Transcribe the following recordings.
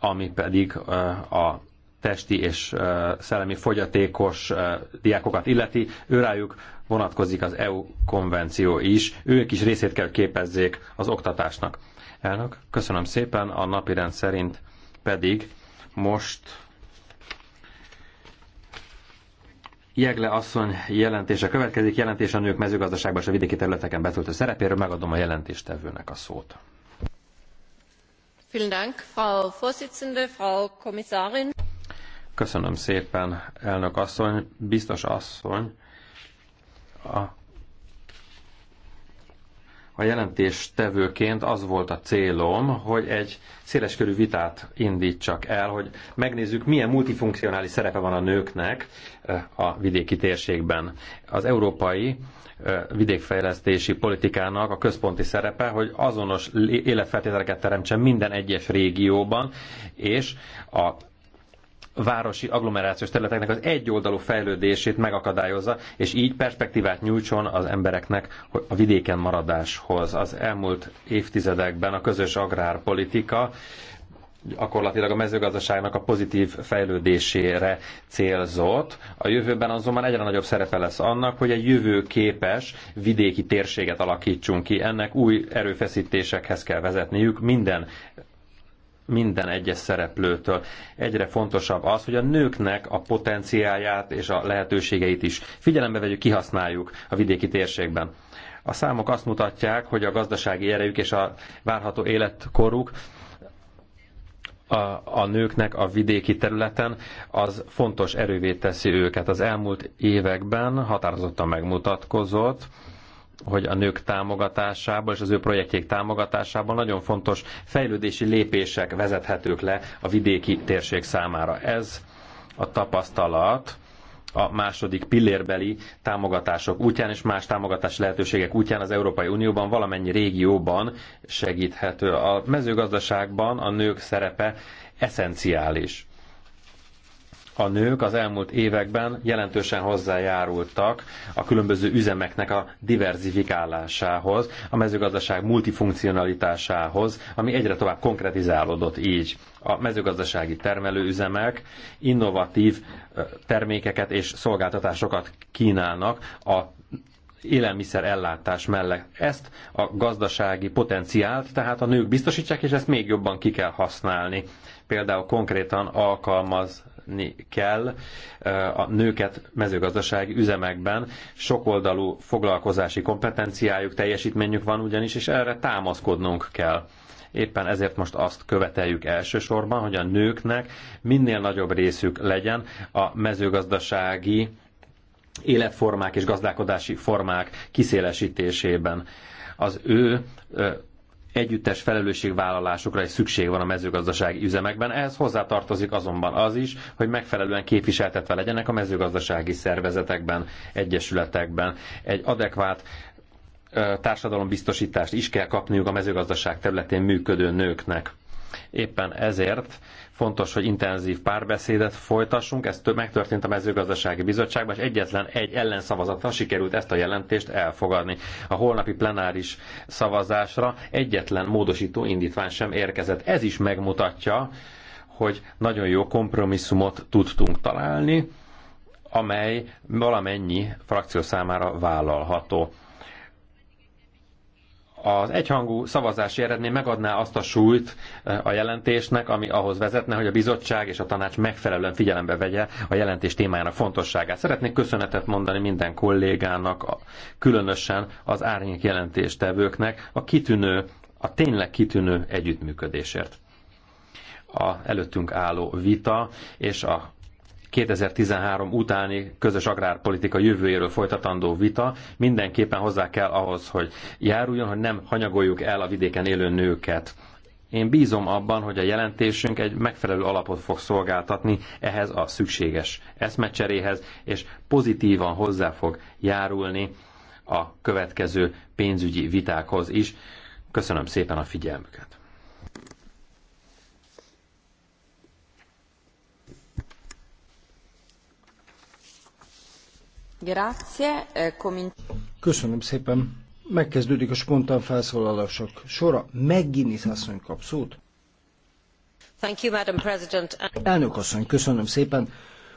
ami pedig a testi és szellemi fogyatékos diákokat illeti, őrájuk vonatkozik az EU konvenció is, ők is részét kell képezzék az oktatásnak. Elnök, köszönöm szépen, a rend szerint pedig most Jegle asszony jelentése következik, jelentés a nők mezőgazdaságban és a vidéki területeken betöltő szerepéről, megadom a jelentéstevőnek a szót. Köszönöm szépen, elnök asszony, biztos asszony. A a jelentés tevőként az volt a célom, hogy egy széleskörű vitát indítsak el, hogy megnézzük, milyen multifunkcionális szerepe van a nőknek eh, a vidéki térségben. Az európai eh, vidékfejlesztési politikának a központi szerepe, hogy azonos életfeltételeket teremtsen minden egyes régióban, és a városi agglomerációs területeknek az egyoldalú fejlődését megakadályozza, és így perspektívát nyújtson az embereknek a vidéken maradáshoz. Az elmúlt évtizedekben a közös agrárpolitika gyakorlatilag a mezőgazdaságnak a pozitív fejlődésére célzott. A jövőben azonban egyre nagyobb szerepe lesz annak, hogy egy jövőképes vidéki térséget alakítsunk ki. Ennek új erőfeszítésekhez kell vezetniük minden minden egyes szereplőtől. Egyre fontosabb az, hogy a nőknek a potenciáját és a lehetőségeit is figyelembe vegyük, kihasználjuk a vidéki térségben. A számok azt mutatják, hogy a gazdasági erejük és a várható életkoruk a, a nőknek a vidéki területen, az fontos erővé teszi őket. Az elmúlt években határozottan megmutatkozott, hogy a nők támogatásában és az ő projektjék támogatásában nagyon fontos fejlődési lépések vezethetők le a vidéki térség számára. Ez a tapasztalat a második pillérbeli támogatások útján és más támogatási lehetőségek útján az Európai Unióban valamennyi régióban segíthető. A mezőgazdaságban a nők szerepe eszenciális a nők az elmúlt években jelentősen hozzájárultak a különböző üzemeknek a diverzifikálásához, a mezőgazdaság multifunkcionalitásához, ami egyre tovább konkretizálódott így. A mezőgazdasági termelőüzemek innovatív termékeket és szolgáltatásokat kínálnak a élelmiszer ellátás mellett. Ezt a gazdasági potenciált, tehát a nők biztosítják, és ezt még jobban ki kell használni. Például konkrétan alkalmaz támogatni kell a nőket mezőgazdasági üzemekben. Sokoldalú foglalkozási kompetenciájuk, teljesítményük van ugyanis, és erre támaszkodnunk kell. Éppen ezért most azt követeljük elsősorban, hogy a nőknek minél nagyobb részük legyen a mezőgazdasági életformák és gazdálkodási formák kiszélesítésében. Az ő együttes felelősségvállalásokra is szükség van a mezőgazdasági üzemekben. Ehhez hozzátartozik azonban az is, hogy megfelelően képviseltetve legyenek a mezőgazdasági szervezetekben, egyesületekben. Egy adekvát társadalombiztosítást is kell kapniuk a mezőgazdaság területén működő nőknek. Éppen ezért Fontos, hogy intenzív párbeszédet folytassunk, ez több megtörtént a mezőgazdasági bizottságban, és egyetlen egy ellenszavazattal sikerült ezt a jelentést elfogadni. A holnapi plenáris szavazásra egyetlen módosító indítvány sem érkezett. Ez is megmutatja, hogy nagyon jó kompromisszumot tudtunk találni, amely valamennyi frakció számára vállalható. Az egyhangú szavazási eredmény megadná azt a súlyt eh, a jelentésnek, ami ahhoz vezetne, hogy a bizottság és a tanács megfelelően figyelembe vegye a jelentés témájának fontosságát. Szeretnék köszönetet mondani minden kollégának, különösen az árnyék jelentéstevőknek a kitűnő, a tényleg kitűnő együttműködésért. A előttünk álló vita és a 2013 utáni közös agrárpolitika jövőjéről folytatandó vita mindenképpen hozzá kell ahhoz, hogy járuljon, hogy nem hanyagoljuk el a vidéken élő nőket. Én bízom abban, hogy a jelentésünk egy megfelelő alapot fog szolgáltatni ehhez a szükséges eszmecseréhez, és pozitívan hozzá fog járulni a következő pénzügyi vitákhoz is. Köszönöm szépen a figyelmüket! Eh, köszönöm szépen. Megkezdődik a spontán felszólalások sora. Megginis asszony kap szót. Thank you, Madam President. Elnök asszony, köszönöm szépen.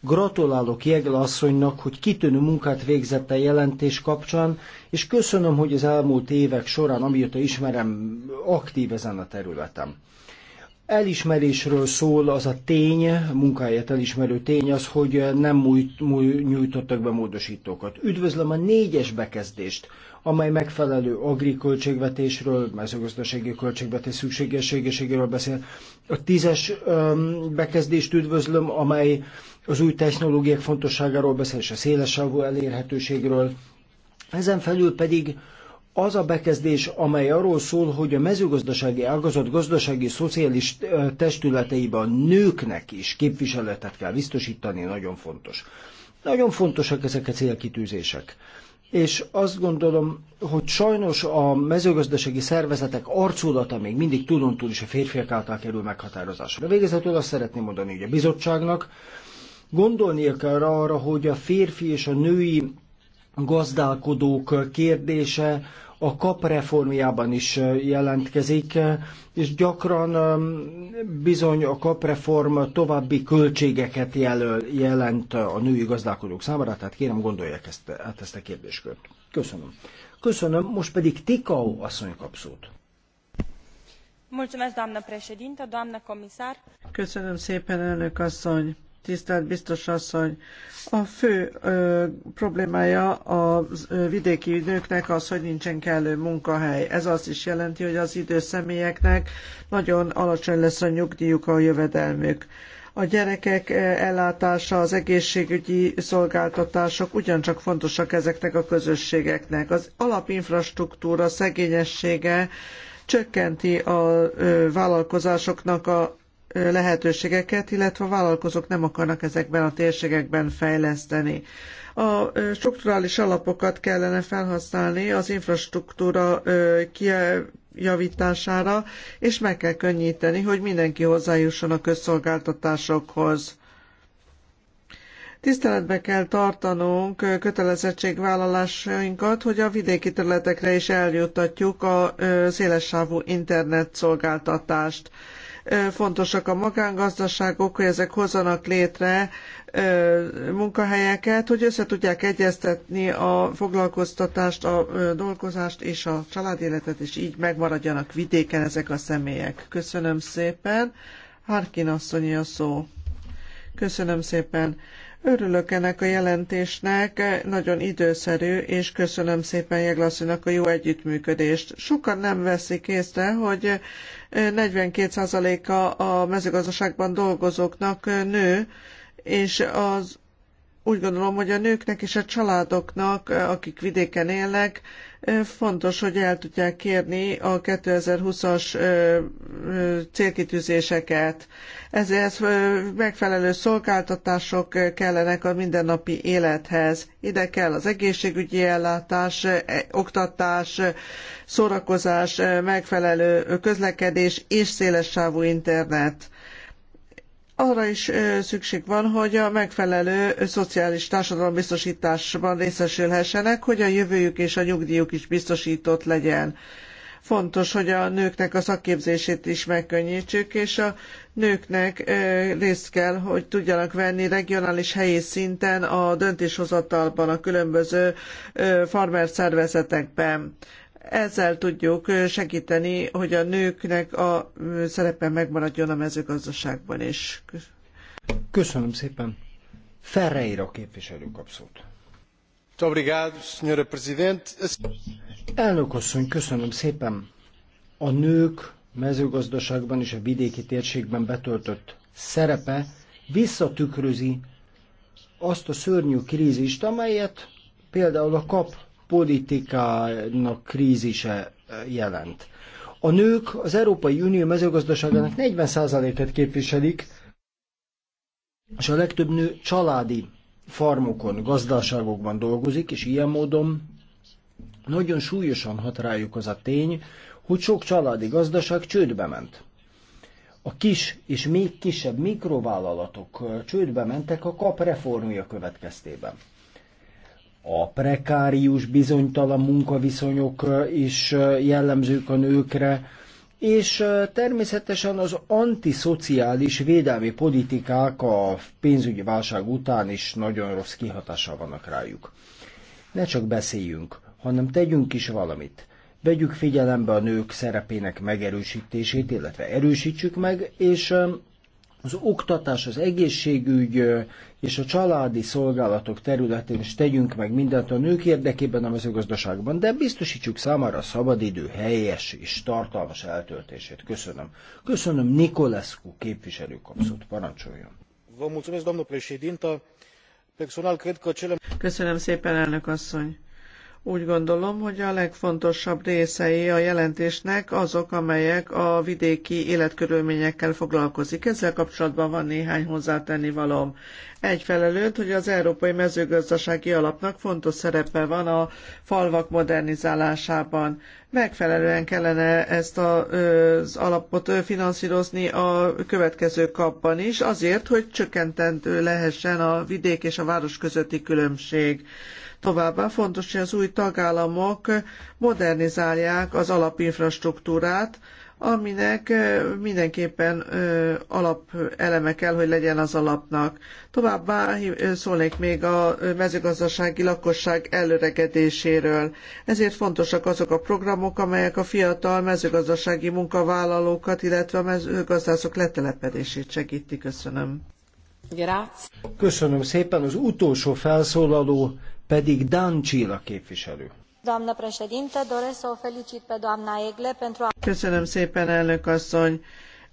Gratulálok Jegle asszonynak, hogy kitűnő munkát végzett a jelentés kapcsán, és köszönöm, hogy az elmúlt évek során, amióta ismerem, aktív ezen a területen elismerésről szól az a tény, a munkáját elismerő tény az, hogy nem nyújtottak be módosítókat. Üdvözlöm a négyes bekezdést, amely megfelelő költségvetésről, mezőgazdasági költségvetés szükségességéről beszél. A tízes öm, bekezdést üdvözlöm, amely az új technológiák fontosságáról beszél, és a szélesávú elérhetőségről. Ezen felül pedig az a bekezdés, amely arról szól, hogy a mezőgazdasági ágazat gazdasági szociális testületeiben nőknek is képviseletet kell biztosítani, nagyon fontos. Nagyon fontosak ezek a célkitűzések. És azt gondolom, hogy sajnos a mezőgazdasági szervezetek arculata még mindig tudon túl is a férfiak által kerül meghatározásra. Végezetül azt szeretném mondani, hogy a bizottságnak gondolnia kell arra, hogy a férfi és a női gazdálkodók kérdése a kap reformjában is jelentkezik, és gyakran bizony a reform további költségeket jelöl, jelent a női gazdálkodók számára, tehát kérem gondolják ezt, hát ezt a kérdéskört. Köszönöm. Köszönöm, most pedig Tikau asszony kap szót. Mulțumesc, doamnă președintă, doamnă comisar. Köszönöm szépen, elnök asszony. Tisztelt biztos asszony, a fő ö, problémája a vidéki nőknek az, hogy nincsen kellő munkahely. Ez azt is jelenti, hogy az időszemélyeknek személyeknek nagyon alacsony lesz a nyugdíjuk, a jövedelmük. A gyerekek ellátása, az egészségügyi szolgáltatások ugyancsak fontosak ezeknek a közösségeknek. Az alapinfrastruktúra szegényessége csökkenti a vállalkozásoknak a lehetőségeket, illetve a vállalkozók nem akarnak ezekben a térségekben fejleszteni. A strukturális alapokat kellene felhasználni az infrastruktúra kijavítására, és meg kell könnyíteni, hogy mindenki hozzájusson a közszolgáltatásokhoz. Tiszteletbe kell tartanunk kötelezettségvállalásainkat, hogy a vidéki területekre is eljuttatjuk a szélessávú internet szolgáltatást fontosak a magángazdaságok, hogy ezek hozzanak létre munkahelyeket, hogy össze tudják egyeztetni a foglalkoztatást, a dolgozást és a családéletet, és így megmaradjanak vidéken ezek a személyek. Köszönöm szépen. Harkin asszonyi a szó. Köszönöm szépen. Örülök ennek a jelentésnek, nagyon időszerű, és köszönöm szépen Jeglaszinak a jó együttműködést. Sokan nem veszik észre, hogy 42%-a a mezőgazdaságban dolgozóknak nő, és az úgy gondolom, hogy a nőknek és a családoknak, eh, akik vidéken élnek, eh, fontos, hogy el tudják kérni a 2020-as eh, célkitűzéseket. Ezért megfelelő szolgáltatások kellenek a mindennapi élethez. Ide kell az egészségügyi ellátás, oktatás, szórakozás, megfelelő közlekedés és sávú internet arra is szükség van, hogy a megfelelő szociális biztosításban részesülhessenek, hogy a jövőjük és a nyugdíjuk is biztosított legyen. Fontos, hogy a nőknek a szakképzését is megkönnyítsük, és a nőknek részt kell, hogy tudjanak venni regionális helyi szinten a döntéshozatalban a különböző farmer szervezetekben ezzel tudjuk segíteni, hogy a nőknek a szerepe megmaradjon a mezőgazdaságban is. Köszönöm szépen. Ferreira képviselő kapszót. Elnök asszony, köszönöm szépen. A nők mezőgazdaságban és a vidéki térségben betöltött szerepe visszatükrözi azt a szörnyű krízist, amelyet például a kap politikának krízise eh, jelent. A nők az Európai Unió mezőgazdaságának 40%-et képviselik, és a legtöbb nő családi farmokon, gazdaságokban dolgozik, és ilyen módon nagyon súlyosan hat rájuk az a tény, hogy sok családi gazdaság csődbe ment. A kis és még kisebb mikrovállalatok eh, csődbe mentek a kap reformja következtében a prekárius, bizonytalan munkaviszonyok is jellemzők a nőkre, és természetesen az antiszociális védelmi politikák a pénzügyi válság után is nagyon rossz kihatással vannak rájuk. Ne csak beszéljünk, hanem tegyünk is valamit. Vegyük figyelembe a nők szerepének megerősítését, illetve erősítsük meg, és az oktatás, az egészségügy és a családi szolgálatok területén is tegyünk meg mindent a nők érdekében a mezőgazdaságban, de biztosítsuk számára a szabadidő helyes és tartalmas eltöltését. Köszönöm. Köszönöm Nikolescu képviselő kapszót. Parancsoljon. Personal Köszönöm szépen, elnök asszony. Úgy gondolom, hogy a legfontosabb részei a jelentésnek azok, amelyek a vidéki életkörülményekkel foglalkozik. Ezzel kapcsolatban van néhány hozzátenni valom. Egyfelelőtt, hogy az Európai Mezőgazdasági Alapnak fontos szerepe van a falvak modernizálásában. Megfelelően kellene ezt az alapot finanszírozni a következő kapban is, azért, hogy csökkentendő lehessen a vidék és a város közötti különbség Továbbá fontos, hogy az új tagállamok modernizálják az alapinfrastruktúrát, aminek mindenképpen alapeleme kell, hogy legyen az alapnak. Továbbá szólnék még a mezőgazdasági lakosság előregedéséről. Ezért fontosak azok a programok, amelyek a fiatal mezőgazdasági munkavállalókat, illetve a mezőgazdászok letelepedését segítik. Köszönöm. Köszönöm szépen. Az utolsó felszólaló pedig Dan Csilla képviselő. Doamnă președinte, doresc să o felicit pe doamna Egle pentru... Köszönöm szépen, elnök asszony!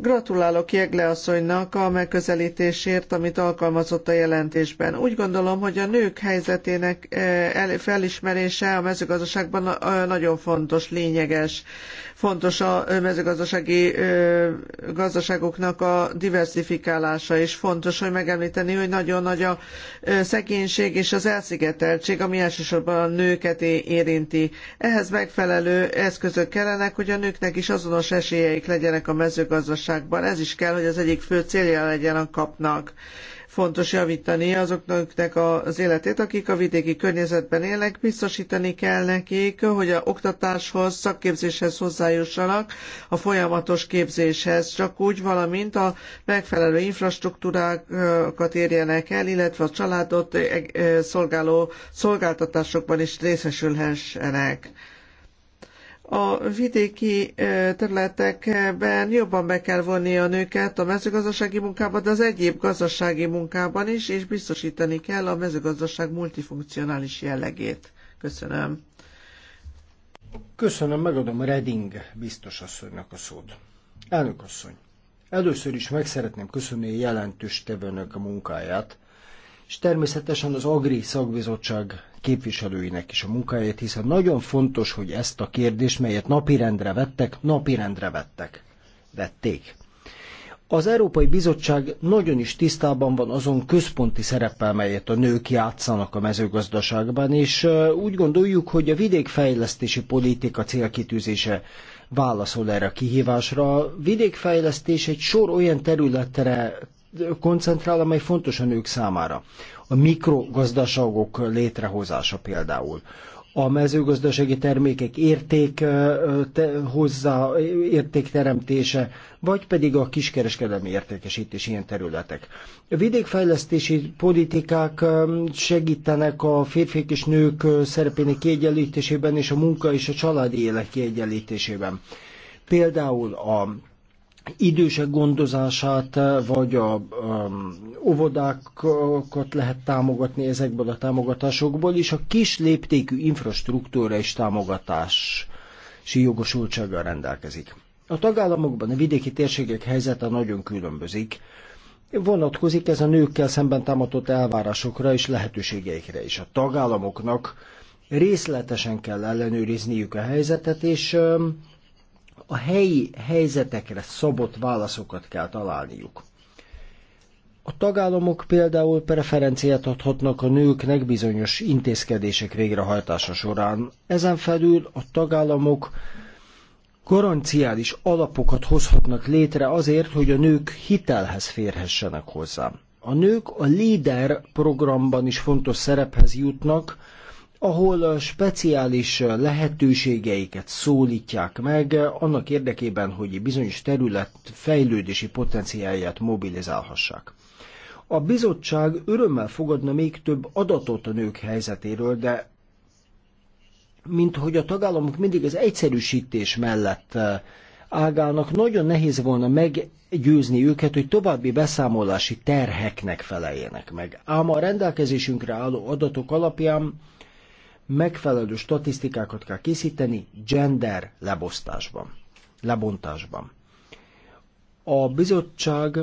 Gratulálok Jegle asszonynak a megközelítésért, amit alkalmazott a jelentésben. Úgy gondolom, hogy a nők helyzetének eh, felismerése a mezőgazdaságban eh, nagyon fontos, lényeges. Fontos a eh, mezőgazdasági gazdaságoknak a diversifikálása, és fontos, hogy megemlíteni, hogy nagyon nagy a szegénység és az elszigeteltség, ami elsősorban a nőket érinti. Ehhez megfelelő eszközök kellenek, hogy a nőknek is azonos esélyeik legyenek a mezőgazdaságban általánosságban. Ez is kell, hogy az egyik fő célja legyen a kapnak. Fontos javítani azoknak az életét, akik a vidéki környezetben élnek, biztosítani kell nekik, hogy a oktatáshoz, szakképzéshez hozzájussanak, a folyamatos képzéshez, csak úgy, valamint a megfelelő infrastruktúrákat érjenek el, illetve a családot eh, eh, szolgáló szolgáltatásokban is részesülhessenek a vidéki területekben jobban be kell vonni a nőket a mezőgazdasági munkába, de az egyéb gazdasági munkában is, és biztosítani kell a mezőgazdaság multifunkcionális jellegét. Köszönöm. Köszönöm, megadom Reding biztos asszonynak a szót. Elnök asszony, először is meg szeretném köszönni a jelentős tevőnök a munkáját, és természetesen az Agri Szakbizottság képviselőinek is a munkáját, hiszen nagyon fontos, hogy ezt a kérdést, melyet napirendre vettek, napirendre vettek, vették. Az Európai Bizottság nagyon is tisztában van azon központi szereppel, melyet a nők játszanak a mezőgazdaságban, és úgy gondoljuk, hogy a vidékfejlesztési politika célkitűzése válaszol erre a kihívásra. A vidékfejlesztés egy sor olyan területre koncentrál, amely fontos a nők számára. A mikrogazdaságok létrehozása például a mezőgazdasági termékek érték, te, hozzá, értékteremtése, vagy pedig a kiskereskedelmi értékesítés ilyen területek. A vidékfejlesztési politikák segítenek a férfiak és nők szerepének kiegyenlítésében és a munka és a családi élet kiegyenlítésében. Például a idősek gondozását, eh, vagy a a óvodákat lehet támogatni ezekből a támogatásokból, és a kis léptékű infrastruktúra és támogatási jogosultsággal rendelkezik. A tagállamokban a vidéki térségek helyzete nagyon különbözik. Vonatkozik ez a nőkkel szemben támadott elvárásokra és lehetőségeikre is. A tagállamoknak részletesen kell ellenőrizniük a helyzetet, és um, a helyi helyzetekre szabott válaszokat kell találniuk. A tagállamok például preferenciát adhatnak a nőknek bizonyos intézkedések végrehajtása során. Ezen felül a tagállamok garanciális alapokat hozhatnak létre azért, hogy a nők hitelhez férhessenek hozzá. A nők a LEADER programban is fontos szerephez jutnak, ahol a speciális lehetőségeiket szólítják meg annak érdekében, hogy bizonyos terület fejlődési potenciáját mobilizálhassák. A bizottság örömmel fogadna még több adatot a nők helyzetéről, de mint hogy a tagállamok mindig az egyszerűsítés mellett eh, ágálnak, nagyon nehéz volna meggyőzni őket, hogy további beszámolási terheknek feleljenek meg. Ám a rendelkezésünkre álló adatok alapján megfelelő statisztikákat kell készíteni gender lebosztásban, lebontásban. A bizottság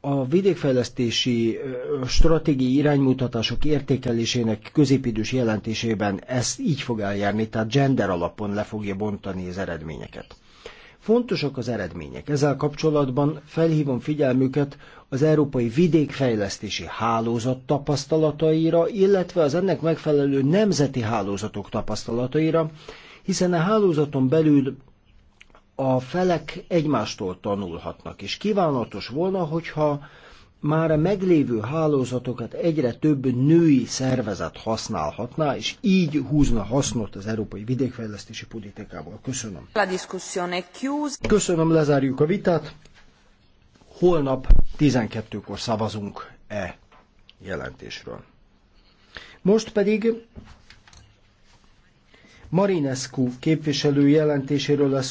a vidékfejlesztési stratégiai iránymutatások értékelésének középidős jelentésében ezt így fog eljárni, tehát gender alapon le fogja bontani az eredményeket. Fontosak az eredmények. Ezzel kapcsolatban felhívom figyelmüket az Európai Vidékfejlesztési Hálózat tapasztalataira, illetve az ennek megfelelő nemzeti hálózatok tapasztalataira, hiszen a hálózaton belül a felek egymástól tanulhatnak, és kívánatos volna, hogyha már a meglévő hálózatokat egyre több női szervezet használhatná, és így húzna hasznot az európai vidékfejlesztési politikából. Köszönöm. Köszönöm, lezárjuk a vitát. Holnap 12-kor szavazunk e jelentésről. Most pedig Marinescu képviselő jelentéséről lesz